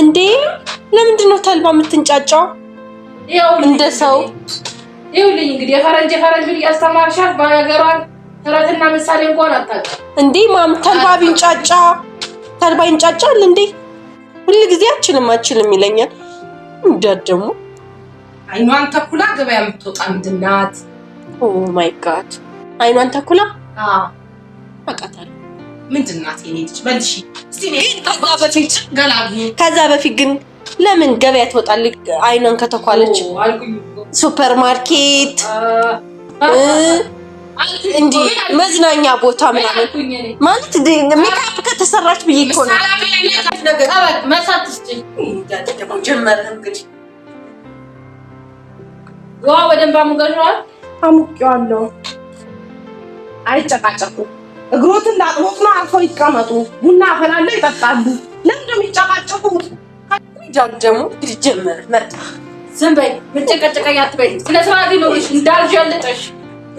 እንዴ ለምንድን ነው ተልባ የምትንጫጫው? እንደ ሰው ይኸውልኝ እንግዲህ የፈረንጅ የፈረንጅ እያስተማርሻት በሀገሯን ተረትና ምሳሌ እንኳን አታውቅም። እንዴ ማም ተልባ ቢንጫጫ ተልባ ይንጫጫል እንዴ? ሁሉ ጊዜ አችልም አችልም ይለኛል። እንዳት ደግሞ አይኗን ተኩላ ገበያ የምትወጣ ምንድን ኦ ማይ ጋድ አይኗን ተኩላ አቃታለሁ ከዛ በፊት ግን ለምን ገበያ ትወጣል አይነን ከተኳለች ሱፐር ማርኬት እንዲ መዝናኛ ቦታ ምናምን ማለት ሜካፕ ከተሰራች ብዬ እኮ ነው። ውሃ በደንብ አሙቀዋለሁ። አይጨቃጨቁም እግሮትን ዳጥቦት ነው። አርፈው ይቀመጡ። ቡና አፈላለው ይጠጣሉ። ለምንድን ነው የሚጨቃጨቁት? ጃጀሙ ይጀምር መጣ ዝም በይ። መጨቀጨቀኝ አትበይ። ስለ ስርዓት ይኖርሽ እንዳልጀልጠሽ።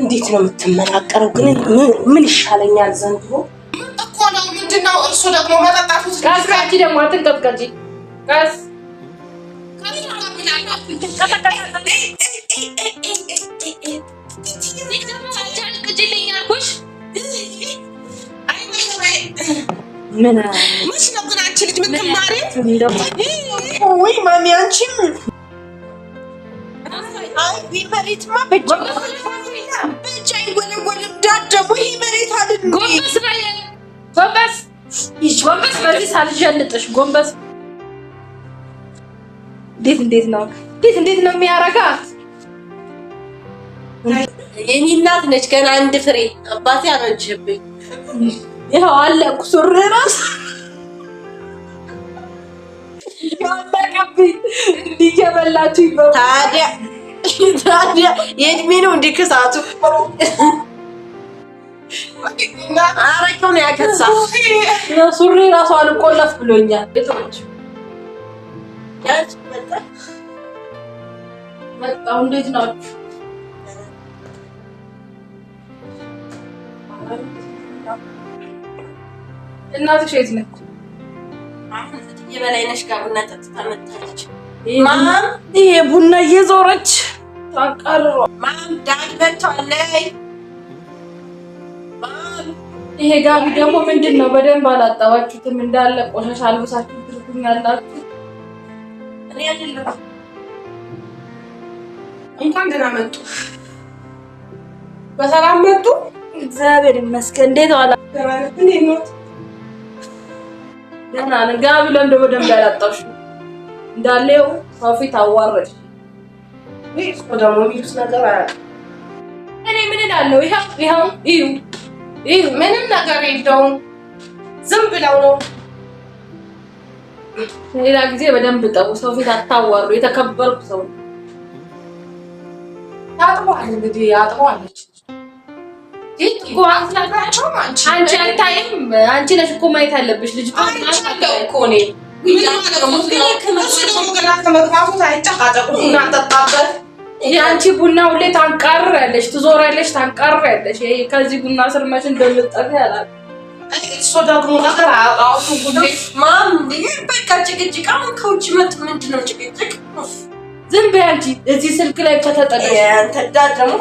እንዴት ነው የምትመናቀረው? ግን ምን ይሻለኛል ዘንድሮ እኮ ነው። ምንድን እርሱ ደግሞ መጠጣቱ። ቀስ ከአንቺ ደግሞ አትንቀጥቀጪ። ቀስ ቀስ መች ነው ግን አንቺ ልጅ ምትማሪ? ወይ ማሚ አንቺም መሬትማ በእጅ አይወለወልም። ዳር ደግሞ መሬት አልን ጎንበስ ጎንበስ ጎንበስ በዚህ ሳልጀልጥሽ ጎንበስ። እንዴት እንዴት ነው እንዴት እንዴት ነው የሚያረጋት? የኔ እናት ነች ገና አንድ ፍሬ አባቴ አረጀብኝ። ይኸው አለቁ። ሱሪ ራሱ ያለቀብኝ። እንዲህ እየበላችሁ ታዲያ ታዲያ የእድሜ ነው እንዲህ ክሳቱ። አረቄው ነው ያከሳ። ሱሪ ራሱ አልቆለፍ ብሎኛል። ቤቶች መጣሁ። እንዴት ናችሁ? እናትሽ የት ነች? አሁን ጋር ቡና ጠጥታ ማም ይሄ ቡና እየዞረች ታቀርሮ ማም ማም ይሄ ጋቢ ደግሞ ምንድን ነው? በደንብ አላጠባችሁትም እንዳለ ቆሻሻ አልብሳችሁ ትርጉኝ ያላችሁ እኔ እንኳን ደህና መጡ። በሰላም መጡ። እግዚአብሔር ይመስገን። እንዴት ዋላ? እንዴት ነው? ደህና ነን። ገና ብለን ደግሞ ያላጣሽ እንዳለው ሰው ፊት እኔ ምን እላለሁ? ይኸው ይኸው ምንም ነገር የለውም። ዝም ብለው ነው። ሌላ ጊዜ በደንብ ጠቡ። ሰው ፊት አታዋሩ። የተከበርኩ ሰው ታጥቧል። እንግዲህ አጥቧለች አንቺ ነሽ እኮ ማየት አለብሽ። ልጅ የአንቺ ቡና ሁሌ ታንቃሪያለሽ፣ ትዞሪያለሽ፣ ታንቃሪያለሽ። ከዚህ ቡና ስር መች እንደምጠፊ ደግሞ በቃ ጭቅጭቅ። አሁን ከውጭ ምንድን ነው ጭቅጭቅ? ዝም በይ አንቺ እዚህ ስልክ ላይ ከተጠቀ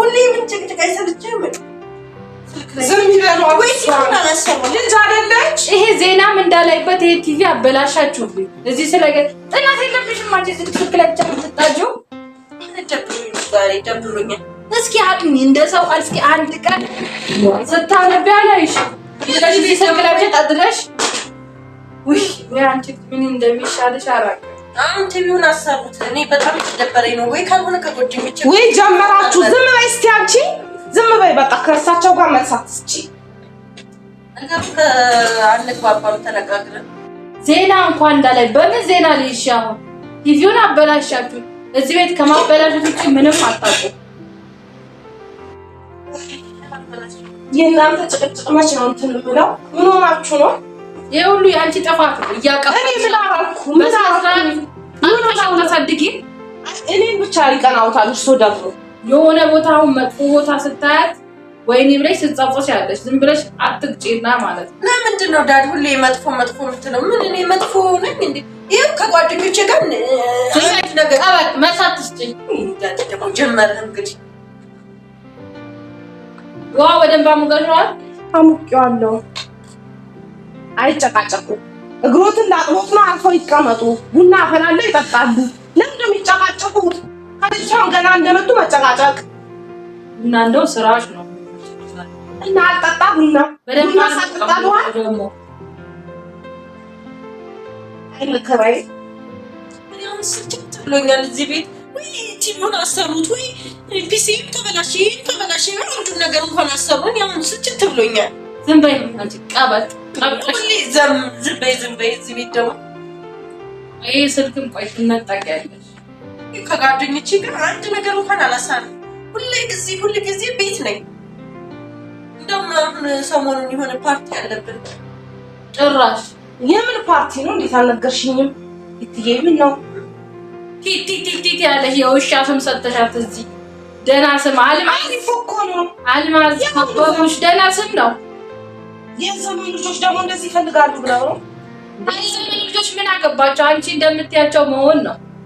ሁሌ ምን ጭቅጭቅ አይሰልችም። ልጅ አይደለች። ይሄ ዜናም እንዳላይበት ይሄ ቲቪ አበላሻችሁብኝ። እዚህ ስለገ የለብሽም አንቺ እስኪ እንደ ሰው እስኪ አንድ ቀን ውይ አንቺ ምን እንደሚሻልሽ አራቅ አሰሩት እኔ በጣም ደበረኝ ነው ወይ ካልሆነ ከጎድምቼ ወይ ጀመራችሁ ዝም በይ እስኪ አንቺ ዝም በይ በቃ ከእርሳቸው ጋር መልሳት ስጪ። እንደም አንግባባም ተነጋግረን ዜና እንኳን እንዳለ በምን ዜና ልይሽ? አሁን ቲቪውን አበላሻችሁ። እዚህ ቤት ከማበላሸት ውጭ ምንም አታውቁም። የእናንተ ጭቅጭቅ መች ነው እንትን የምለው? ምን ሆናችሁ ነው? ይሄ ሁሉ የአንቺ ጥፋት ነው። እያቀፍ እኔ ምን አራኩ? ምን አደረኩ? ምን አደረኩ? ታሳድጊ እኔን ብቻ ይቀናውታል። እርሶ ደግሞ የሆነ ቦታ አሁን መጥፎ ቦታ ስታያት ወይኒ ብለሽ ስትጸፎች ያለሽ ዝም ብለሽ አትግጪና ማለት ነው። ለምንድን ነው ዳድ ሁሌ መጥፎ መጥፎ የምትለው? ምን እኔ መጥፎ ነኝ እንዴ? ይኸው ከጓደኞቼ ጋር መሳት ስጭ ጀመረ። እንግዲህ ዋ በደንብ አሙቀሸዋል። አሙቄዋለሁ። አይጨቃጨቁ እግሮትን ላጥቦት ነው። አርፈው ይቀመጡ። ቡና አፈላለው፣ ይጠጣሉ። ለምንድነው የሚጨቃጨቁት? ከልጅቷም ገና እንደመጡ መጨቃጨቅ እና እንደው ስራሽ ነው እና አጠጣ ቡና በደምብ አጠጣ ደግሞ አይልከራይ ብሎኛል። እዚህ ቤት ወይ ቲሙን አሰሩት ወይ ፒሲም ተበላሽ ይህም ተበላሽ ነገር እንኳን አሰሩን። ያሁን ስጭት ብሎኛል። ዝም በይ ዝም በይ እዚህ ቤት ደግሞ ይህ ስልክም ቆይ ትነጠቂያለሽ ከጓደኞቼ አንድ ነገር እንኳን አላሳልም። ሁሌ ጊዜ ሁሌ ጊዜ ቤት ነኝ። እንደውም አሁን ሰሞኑን የሆነ ፓርቲ አለብን። ጭራሽ የምን ፓርቲ ነው? እንዴት አልነገርሽኝም? እትዬ ምን ነው ቲቲቲቲ ያለሽ የውሻ ስም ሰጥተሻት እዚህ ደህና ስም አልማዝ እኮ ነው። አልማዝ አባቶች ደህና ስም ነው። የዘመኑ ልጆች ደግሞ እንደዚህ ይፈልጋሉ ብለው ነው። የዘመን ልጆች ምን አገባቸው? አንቺ እንደምትያቸው መሆን ነው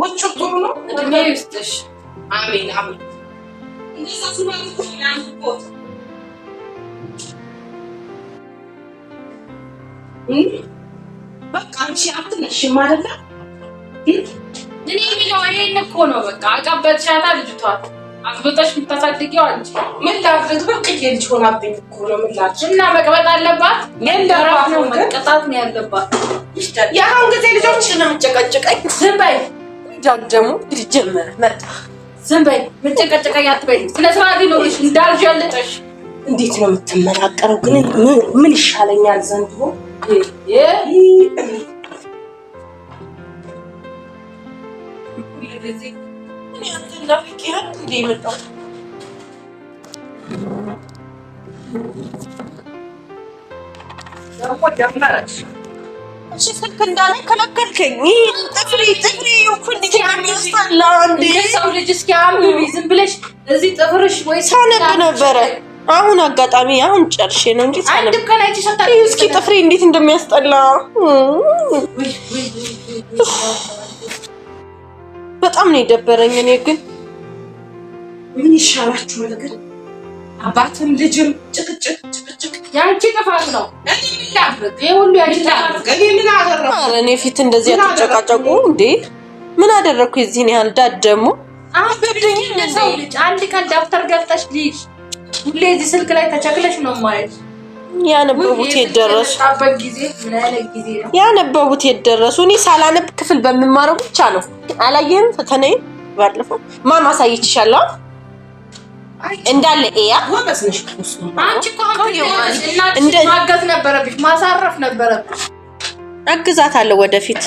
ምቹም ጥሩ ነው። እድሜ ይስጥሽ። አሜን አሜን። በቃ አንቺ አትነሽም አይደለ? እኔ የሚለው ይሄን እኮ ነው። በቃ አቀበጥሻታ ልጅቷት አግብጠሽ የምታሳድጊው አንቺ ምን ላድርግ? ብርቅዬ ልጅ ሆናብኝ እኮ ነው። ምን ላድርግ? እና መቅበጥ አለባት መቀጣት ነው ያለባት። የአሁን ጊዜ ልጆች ነው የምጨቀጭቀኝ። ዝም በይ ጃክ ደግሞ ጀመረ መጣ። ዝም በይ ምጨቀጨቀኝ አትበይ። ስለ ስርዓት ይኖርሽ እንዳልሽ ያለጠሽ እንዴት ነው የምትመራቀረው? ግን ምን ይሻለኛል ዘንድሮ ደግሞ ጀመረች እሺ ስልክ እንዳለ ከለከልከኝ። ጥፍሪ ጥፍሬ ጥፍሬ ይኩን ይችላል አንዴ ሰው ልጅ እስኪ አምቢ ዝም ብለሽ እዚህ ጥፍርሽ ወይ ሳነብ ነበረ። አሁን አጋጣሚ አሁን ጨርሼ ነው እንጂ ሳነብ እስኪ ጥፍሪ እንዴት እንደሚያስጠላ በጣም ነው የደበረኝ። እኔ ግን ምን ይሻላችሁ ነገር አባትም ልጅም ጭቅጭቅ ጭቅጭቅ ያንቺ ጥፋት ነው። እኔ ምን ምን ይሄ ሁሉ ያንቺ ጥፋት። እኔ እኔ አደረኩ? ፊት እንደዚህ አትጨቃጨቁ እንዴ! ምን አደረግኩ? የዚህን ያህል ዳድ ደግሞ አንድ ቀን ደብተር ገብተሽ ልጅ ሁሌ እዚህ ስልክ ላይ ተቸክለሽ ነው ማለት ያነበቡት የደረሱ ያነበቡት የደረሱ እኔ ሳላነብ ክፍል በምማረው ብቻ ነው። አላየህም? ፈተናዬን ባለፈው ማም አሳይችሻለሁ እንዳለ እያ ያ ማገዝ ነበረብሽ፣ ማሳረፍ ነበረብሽ። አግዛታለሁ ወደፊት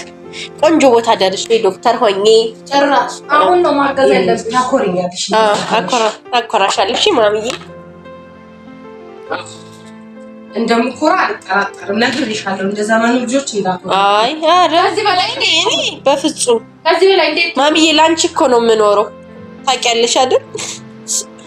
ቆንጆ ቦታ ደርሼ ዶክተር ሆኜ ጭራሽ አሁን ነው ማገዝ ያለብሽ። አኮርኛለሽ፣ አኮራሻለሽ ማምዬ እንደምኮራ አልጠራጠርም። ነግሬሻለሁ፣ እንደ ዘመኑ ልጆች እንዳትሆን። አይ ኧረ ከዚህ በላይ እኔ በፍጹም ከዚህ በላይ እንዴት ማምዬ፣ ላንቺ እኮ ነው የምኖረው ታውቂያለሽ አይደል?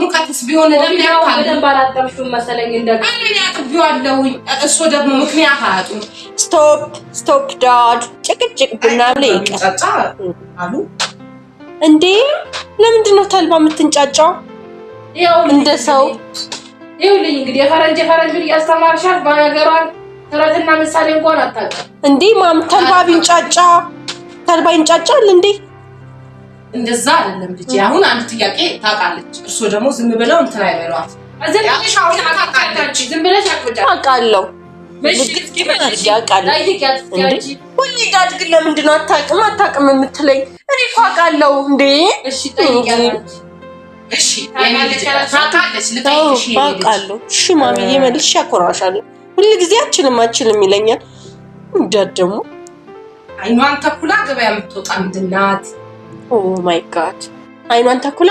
ሙቀትስ ቢሆን ለምን ያውቃል? አላጠብሽውም መሰለኝ አጥቢዋለሁኝ። እሱ ደግሞ ምክንያት አያጡም። ስቶፕ ስቶፕ ዳድ ጭቅጭቅ ቡና ብለህ ይቀር እንዴ! ለምንድን ነው ተልባ የምትንጫጫው? እንደ ሰው ይኸውልኝ እንግዲህ የፈረንጅ የፈረንጅ እያስተማርሻት በሀገሯን ተረትና ምሳሌ እንኳን አታውቅም እንዴ! ማም ተልባ ቢንጫጫ ተልባ ይንጫጫል እንዴ? እንደዛ አይደለም ልጅ። አሁን አንድ ጥያቄ ታውቃለች። እርሶ ደግሞ ዝም ብለው እንትን አይበሏት። አውቃለሁ ሁሌ ዳድ ግን ለምንድን ነው የምትለኝ? እኔ ሁል ጊዜ አችልም አችልም ይለኛል። ዳድ ደግሞ አይኗን ተኩላ ገበያ የምትወጣ ምንድን ናት? ኦ ማይ ጋድ አይኗን ተኩላ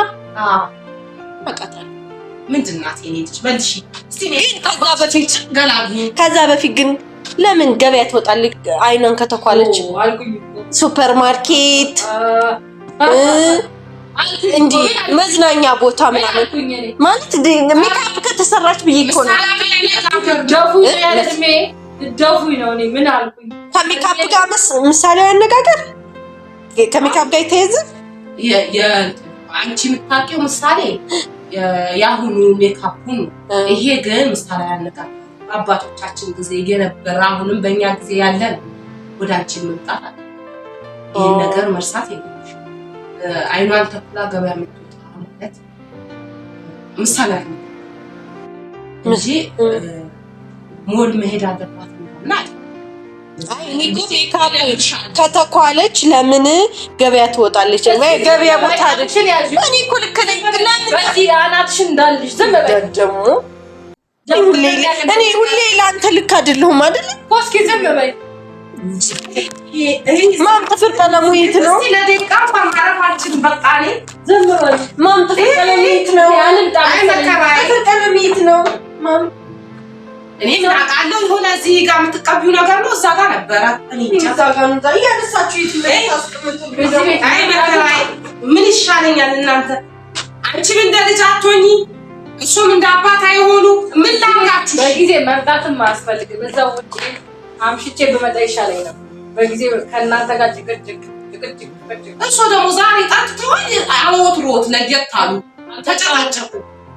አቃታል። ምንድን ከዛ በፊት ግን ለምን ገበያ ትወጣል? አይኗን ከተኳለች ሱፐርማርኬት ማርኬት መዝናኛ ቦታ ምናምን ማለት ሜካፕ ከተሰራች ብዬ እኮ ነው። ከሜካፕ ጋር ምሳሌ አነጋገር ከሜካፕ ጋር የተያዘ አንቺ የምታውቂው ምሳሌ የአሁኑ ሜካፑ ነው። ይሄ ግን ምሳሌ ያነቃ አባቶቻችን ጊዜ የነበረ አሁንም በእኛ ጊዜ ያለን ወደ አንቺ መምጣት አለ። ይህን ነገር መርሳት የለ አይኗን ተኩላ ገበያ የምትወጣ ማለት ምሳሌ ያነ እንጂ ሞል መሄድ አለባት ናት ከተኳለች ለምን ገበያ ትወጣለች? ገበያ ቦታ እኔ ሁሌ ለአንተ ልክ አይደለሁም አይደል? ማን ጥፍር ቀለሙ የት ነው? ያለው የሆነ እዚህ ጋር የምትቀቢው ነገር ነው። እዛ ጋር ነበረ ምን ይሻለኛል? እናንተ አንቺም እንደ ልጅ አትሆኚ፣ እሱም እንደ አባት አይሆኑ። ምን ላምናችሁ? በጊዜ መርዳትም አያስፈልግም። እዛው ውጭ አምሽቼ ብመጣ ይሻለኝ ነው። በጊዜ ከእናንተ ጋር ጭቅጭቅ ጭቅጭቅ። እሱ ደግሞ ዛሬ ጠጥተውኝ አወትሮት ለየት አሉ፣ ተጨራጨቁ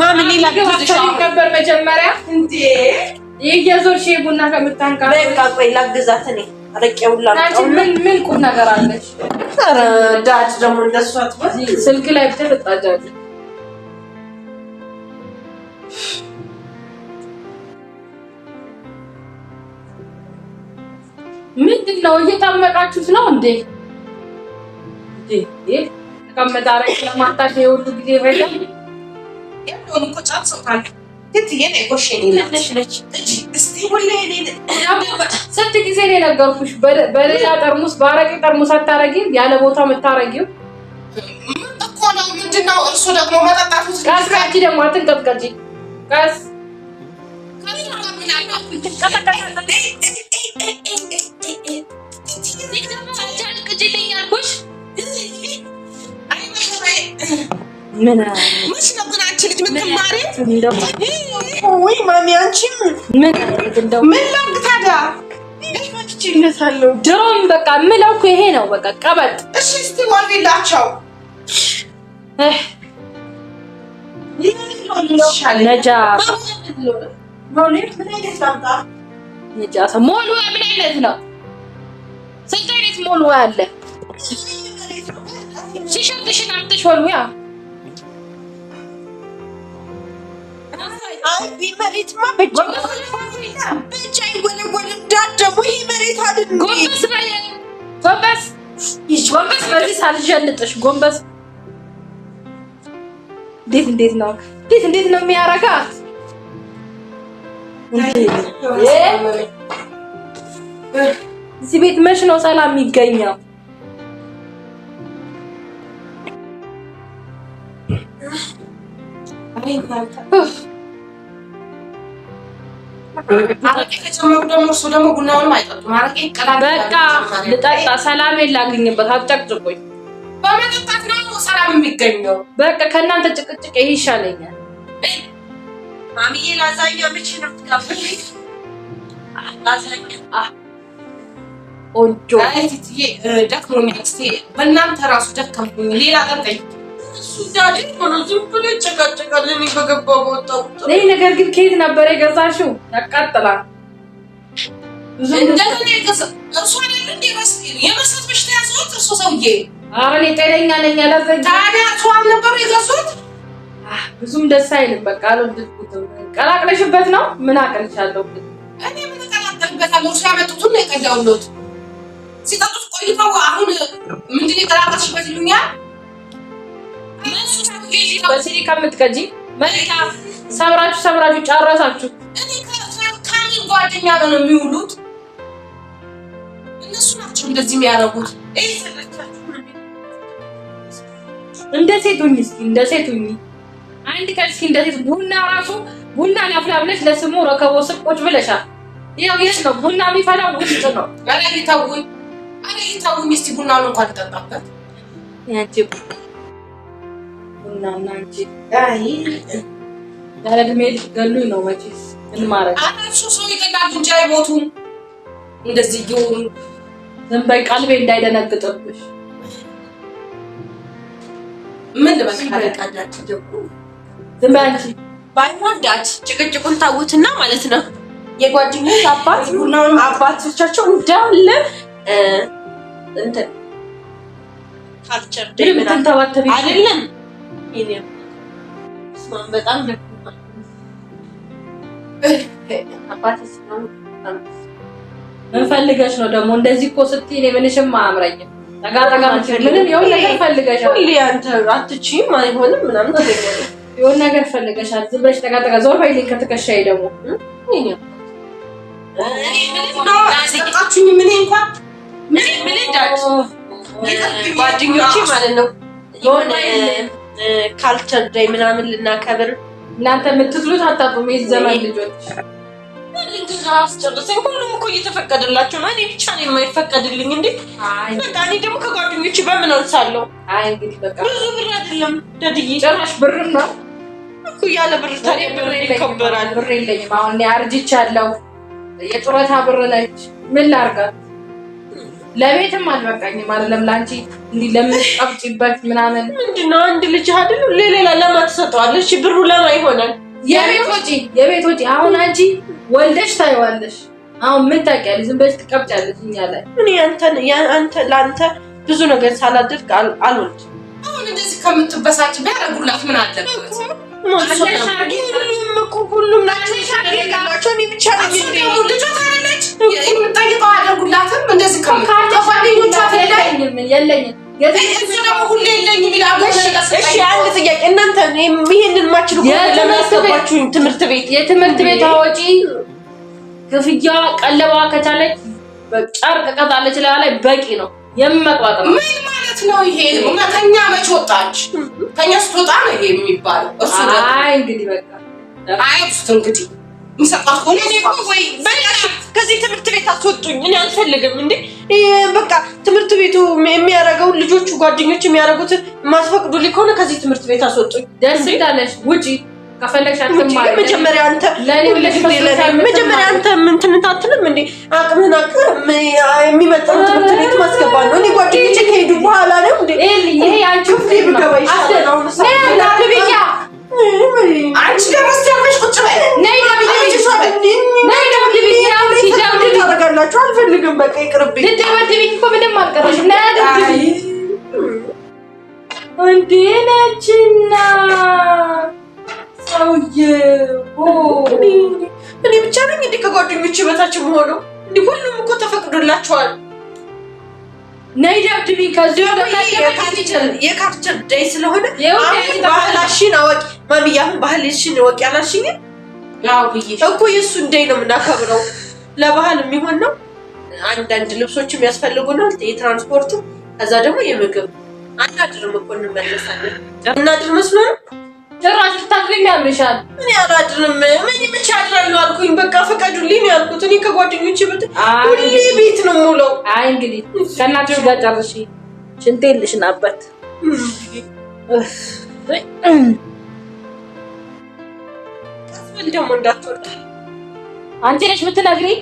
ማሚ ሌላ ነበር መጀመሪያ እንዴ የየዞር ሺህ ቡና ከምታንካ በቃ ቆይ ላግዛት እኔ ረቄውላ ምን ምን ቁም ነገር አለሽ? ዳጅ ደግሞ እንደሷ ስልክ ላይ ብቻ ትጣጃለሽ። ምንድን ነው እየታመቃችሁት ነው እንዴ? ተቀመጣ ረቄ ማታሽ የሁሉ ጊዜ ረዳ ያለውን እኮ ጨርሰውታል። ስንት ጊዜ ነው የነገርኩሽ? በሌላ ጠርሙስ በአረቄ ጠርሙስ አታረጊም፣ ያለ ቦታ የምታረጊው እኮ ነው። ምንድን ነው እሱ ደግሞ መጠጣቱ። ቀስ አንቺ ደግሞ አትንቀጥቀጪ። ቀስ ምን ልጅ ምትማሪ ወይ ማሚ አንቺም ምን ላውቅ ታዲያ ይነሳለሁ። ድሮም በቃ የምለው እኮ ይሄ ነው። በቃ ቀበጥ። እሺ እስቲ ወልድላቸው ነጃ ሞሉ ምን አይነት ነው? ስንት አይነት ሞሉ አለ? ሽሸጥሽን አምጥሽ ወልውያ አይ መሬትማ መሬት ጎንበስ ጎንበስ፣ ጎንበስ በዚህ ሳልጀልጥሽ ጎንበስ። እንዴት እንዴት ነው እንዴት እንዴት ነው የሚያረጋት? እዚህ ቤት መች ነው ሰላም የሚገኘው? ደግሞ ቡናውንም አይጠጡም። በቃ ልጠጣ፣ ሰላም ላግኝበት። አጨቅጭቁኝ። በመጠጣት ነው ሰላም የሚገኘው። በቃ ከእናንተ ጭቅጭቅ ይሄ ይሻለኛል። ቆንጆ በእናንተ ራሱ ደከምኩኝ። ሌላ ጠጣኝ ይህ ነገር ግን ከየት ነበር የገዛሽው? ያቃጥላል። የመስት እኔ ጤነኛ ነኝ። ብዙም ደስ አይልም። በቃ ቀላቅለሽበት ነው። ምን አቅልሻለሁ? እኔ ሲጠጡት ቆይተው አሁን ምንድን ነው ይሉኛል። በሲሪ ከምትቀጂ መሬታ ሰብራችሁ ሰብራችሁ ጨረሳችሁ። ከኔ ጓደኛ ነው የሚውሉት እነሱ ናቸው እንደዚህ የሚያደርጉት። እንደ ሴት ሁኚ እስኪ፣ እንደ ሴት ሁኚ አንድ ቀን እስኪ እንደ ሴት ቡና ራሱ ቡና ላፍላ ብለሽ ለስሙ ረከቦ ስር ቁጭ ብለሻል። ያው የት ነው ቡና የሚፈላው? ውስጥ ነው። አረ ተውኝ፣ አረ ተውኝ። እስኪ ቡና ነው እንኳን ጠጣበት ምናምን አንቺ እድሜ ልትገሉኝ ነው መቼስ። ምን ማድረግ እሱ ሰው ይገላል እንጂ አይሞቱም። እንደዚህ እየሆኑ ዝም በይ፣ ቀልቤ እንዳይደነግጥብሽ። ምን ልበል ዝም በይ አንቺ። ባይወዳት ጭቅጭቁን ታውትና ማለት ነው የጓደኞች አባት ሁሉም አባቶቻቸው እንዳለ እንትን ካልቸር አይደለም በጣም ምን ፈልገሽ ነው ደግሞ እንደዚህ እኮ ስትይ? እኔ ምንሽም አያምረኝም። ጠጋ ምንም የሆነ ነገር ፈልገሻል። አንተ ነገር ፈልገሻል። ዝም ብለሽ ጠጋ ዞር በይልኝ ከትከሻዬ ደግሞ ጓደኞቼ ማለት ነው ካልቸር ዳይ ምናምን ልናከብር እናንተ የምትትሉት አታጡም። የዘመን ልጆች አስጨርሰኝ። ሁሉም እኮ እየተፈቀደላቸው ነው። እኔ ብቻ ነው የማይፈቀድልኝ። እንዴት በቃ እኔ ደግሞ ከጓደኞች በምን አልሳለሁ? ብዙ ብር አይደለም ደድዬ፣ ጭራሽ ብር ነው እኮ ያለ ብር ታዲያ ብር ይከበራል። ብር የለኝም አሁን አርጅቻለሁ። የጡረታ ብር ነች። ምን ላርጋት? ለቤትም አልበቃኝም። አይደለም ለአንቺ እንዲህ ለምትቀብጪበት ምናምን ምንድን ነው አንድ ልጅ አይደል ለሌላ ለማ ትሰጠዋለሽ? ብሩ ለማ ይሆናል? የቤት ወጪ የቤት ወጪ። አሁን አንቺ ወልደሽ ታይዋለሽ። አሁን ምን ታውቂያለሽ? ዝም ብለሽ ትቀብጫለሽ። እኛ ላይ እኔ አንተ ለአንተ ብዙ ነገር ሳላደርግ አልወልድ። አሁን እንደዚህ ከምትበሳጭ ቢያደርጉላት ምን አለበት? ሁሉም ናቸው ብቻ ነው የምጠይቀው አደርጉላትም እንደዚህ ከጓደኞቿ አንድ ጥያቄ እናንተ ማችሉ ትምህርት ቤት የትምህርት ቤት አወጪ ክፍያ ቀለባ ከቻለች ጨርቅ ቀጣለች ላይ በቂ ነው። ምን ማለት ነው ይሄ? መች ወጣች? ከኛ ስትወጣ ነው ይሄ የሚባለው። እሱ እንግዲህ በቃ አይ እንግዲህ ከዚህ ትምህርት ቤት አስወጡኝ። እኔ አልፈልግም። እንዴ በቃ ትምህርት ቤቱ የሚያደርገውን ልጆቹ ጓደኞች የሚያደርጉትን ማስፈቅዱልኝ ከሆነ ከዚህ ትምህርት ቤት አስወጡኝ። ደስ ይላልሽ ውጪ መጀመሪያ አንተ መጀመሪያ አንተ ምንትን አትልም እንዴ? አቅምህን አቅም የሚመጣው ትምህርት ቤት ማስገባት ነው። እኔ ጓደኞቼ ከሄዱ በኋላ ነው እንዴ ይሄ አንቺ ደረስ ያልሽ ቁጭ በይ። ነይ ታደርጋላችሁ። አልፈልግም፣ በቃ ይቅርብኝ። እኮ ምንም አልቀረሽ። እንዴ ነችና እኔ ብቻ ነኝ እንዲህ ከጓደኞች በታች መሆኑ ሁሉም እኮ ተፈቅዶላችኋል። ነይ ደብድቢኝ። ከዚህ ወደ የካልቸር ስለሆነ አሁን ባህላሽን አወቂ ማሚዬ፣ አሁን ባህልሽን ወቂ አላልሽኝ እኮ የእሱን ዴይ ነው የምናከብረው። ለባህል የሚሆን ነው። አንዳንድ ልብሶችም ያስፈልጉናል፣ የትራንስፖርቱ፣ ከዛ ደግሞ የምግብ። አናድርም እኮ እንመለሳለን። እናድር መስሎ ነው ጭራሽ ብታድሪም ያምርሻል። እኔ አላድርም። ምን ብቻ አድራለሁ አልኩኝ። በቃ ፈቀዱልኝ ያልኩት እኔ ከጓደኞቼ ብት ሁሌ ቤት ነው የምውለው። አይ እንግዲህ ከእናትሽ ጋር ጨርሺ። ሽንቴ የለሽን አባት ደግሞ እንዳትወርድ አንቺ ነሽ የምትነግሪኝ።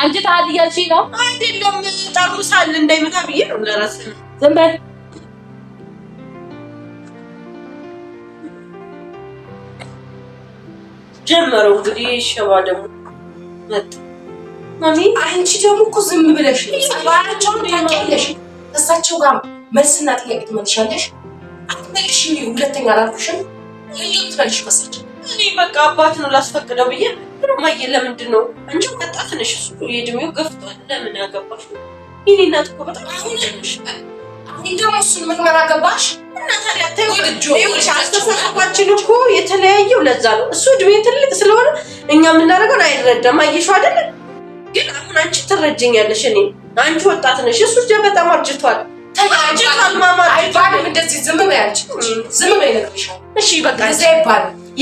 አንቺ ታዲያ እያልሽኝ ነው አይደለም? ጠርሙሳል እንዳይመታ ብዬ ነው ለራስህ ዝም በል ጀመረው እንግዲህ ሸባ ደግሞ መጣ። ማሚ አንቺ ደግሞ እኮ ዝም ብለሽ ጸባያቸውን ታውቂያለሽ። እሳቸው ጋር መልስና ጥያቄ ትመልሻለሽ። አትመልሽ ሁለተኛ አላልኩሽም። ይህም ትመልሽ ከእሳቸው እኔ በቃ አባት ነው ላስፈቅደው ብዬ ማየ ለምንድን ነው እንጂ ወጣት ነሽ፣ እሱ የእድሜው ገፍቷል። ለምን ያገባሽ? ይኔ እናት እኮ በጣም አሁን ነሽ ደግሞ እሱን ምን መራ ገባሽ? አስተሳሰባችን እኮ የተለያየው ለዛ ነው። እሱ እድሜ ትልቅ ስለሆነ እኛ የምናደርገውን አይረዳም። አየሽው አይደለ? ግን አሁን አንቺ ትረጅኛለሽ። እኔ አንቺ ወጣት ነሽ፣ እሱ በጣም አርጅቷል።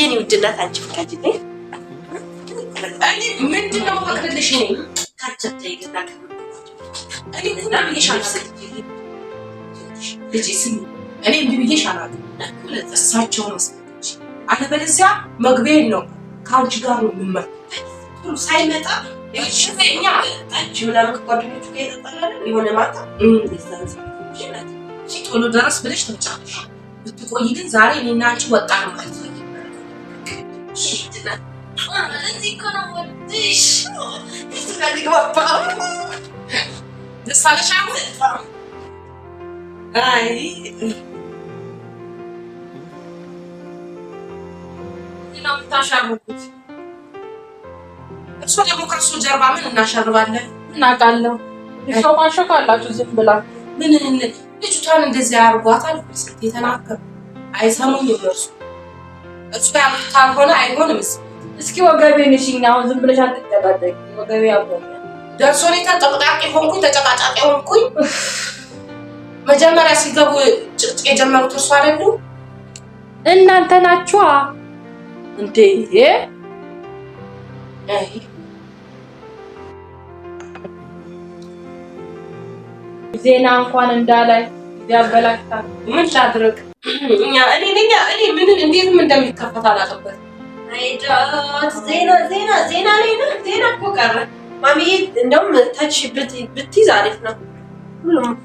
የኔ ውድ አንቺ ፍቃጅልኝ። እኔ ምንድን እኔ ልጅ እኔ እንዲህ ብዬሽ አላውቅም። እሳቸውን አስመጥቼ አለበለዚያ መግቢያዬን ነው ከአንቺ ጋር ነው የምመ ሳይመጣ ሽኛ ጠጅ ምናምን ከጓደኞቹ ጋር የጠጣላለን የሆነ ማታ ቶሎ ደረስ ብለሽ ተጫለሽ ብትቆይ ግን ዛሬ እኔና አንቺ ወጣ ነው ማለት ነው። ደስ አለሽ? Ai. ነው ደግሞ ከእሱ ጀርባ ምን እናሻርባለን? እናውቃለሁ። ሾማሾክ አላችሁ ዝም ብላ ምን ልጅቷን እንደዚህ አርጓታል። የተናገሩ አይሰሙኝ እነርሱ እሱ ያሉት ካልሆነ አይሆንም። እስኪ ወገቤ ንሽኛ ዝም ብለሽ አትጨቃጨቂ። ወገቤ ያቆ ደርሶኔታ ጠቅጣቂ ሆንኩኝ፣ ተጨቃጫቂ ሆንኩኝ። መጀመሪያ ሲገቡ ጭቅጭቅ የጀመሩት እርሱ አይደሉ? እናንተ ናችኋ እንዴ? ዜና እንኳን እንዳላይ ያበላሽታ። ምን ላድርግ? እኛ እኔ ለኛ እኔ ምን እንዴትም እንደሚከፈት አላውቅበት። አይዳት ዜና ዜና ዜና ላይ ነው። ዜና እኮ ቀረ ማሚዬ። እንደውም ታች ብትይዝ አሪፍ ነው ሁሉም እኮ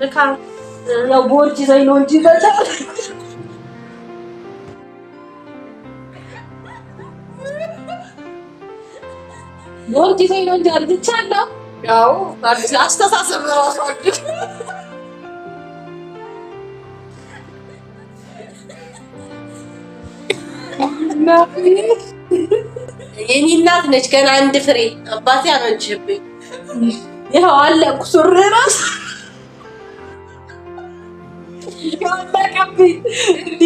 ልካ ያው ቦርጭ ይዘኝ ነው እንጂ ቦርጭ ይዘኝ ነው እንጂ አርግቻለሁ። ያው አስተሳሰብ ራሱ የኔ እናት ነች። ገና አንድ ፍሬ አባቴ አረጀብኝ። ያው አለ ሱሪ ራሱ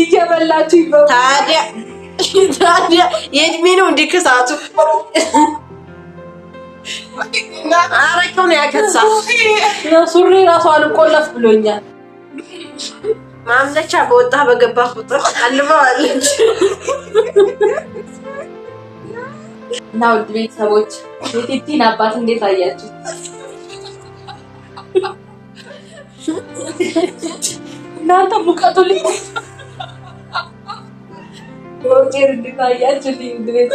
እየበላችሁ ታዲያ ታዲያ የእድሜ ነው እንዲህ ክሳቱ። አረቄውን ያከሳ ሱሪ ራሱ አልቆለፍ ብሎኛል። ማምለቻ በወጣ በገባ ቁጥር አልበዋለች እና ውድ ቤተሰቦች የቲቲን አባት እንዴት አያችሁ? እናንተ ሙቀቱ ልጅ ወቄን እንድታያችልኝ እንግዲህ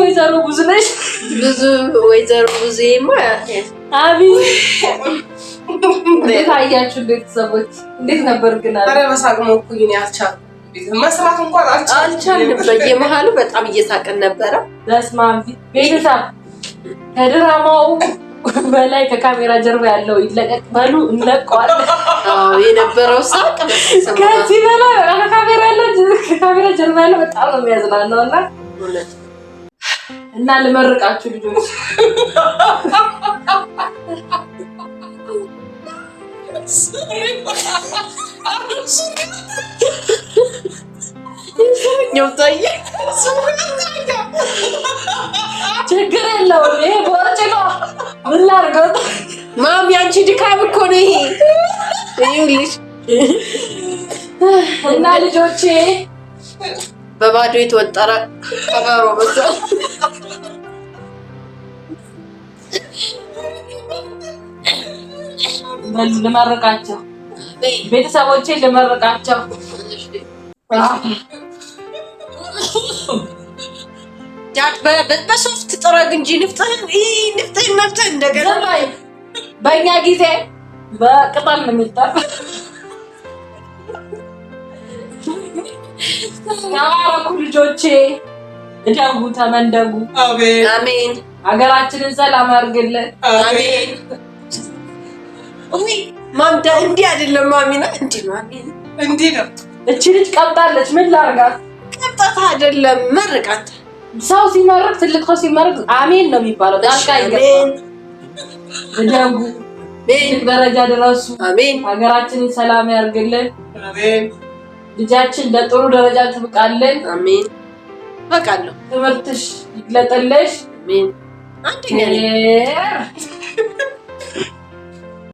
ወይዘሮ ብዙ ነሽ። ብዙ ወይዘሮ ብዙ ይማ አቢ እንዴት አያችሁ ቤተሰቦች? እንዴት ነበር ግን? አረ በሳቅ ሞኩኝ ያልቻል መስራት እንኳን አልቻልንም። በየመሀሉ በጣም እየሳቅን ነበረ። በስመ ቤተሰብ ከድራማው በላይ ከካሜራ ጀርባ ያለው ይለቀቅ በሉ እንለቀዋለን። የነበረው ሳቅ ከዚህ በላይ ከካሜራ ጀርባ ያለው በጣም ነው የሚያዝናናው እና እና ልመርቃችሁ ልጆች ችግር የለውም። ይሄ በወርጭ ነው። ምን ላድርገው? ማሚ አንቺ ድካም እኮ ነው ይሄ። ይኸውልሽ እና ልጆቼ በባዶ የተወጠረ ከበሮ በዛ ልመርቃቸው፣ ቤተሰቦቼ ልመርቃቸው። በሶፍት ጥረግ እንጂ ንፍጥህን ንፍጥህን እንደገና በእኛ ጊዜ በቅጠል ነው የሚጠር ያባረኩ ልጆቼ እደጉ ተመንደጉ። አሜን። ሀገራችንን ሰላም አድርግልን። አሜን። ውይ ማምዳ እንዲህ አይደለም ማሚና፣ እንዲህ ነው እንዲህ ነው። እቺ ልጅ ቀብጣለች። ምን ላርጋት? ቀብጣት አይደለም መርቃት። ሰው ሲመርቅ ትልቅ ሰው ሲመርቅ አሜን ነው የሚባለው። ጣልቃ ይገባል። ደጉ ደረጃ ድረሱ። አሜን። ሀገራችንን ሰላም ያርግልን። አሜን። ልጃችን ለጥሩ ደረጃ ትብቃለን። አሜን። በቃለሁ። ትምህርትሽ ይግለጥልሽ። አሜን። አንደኛ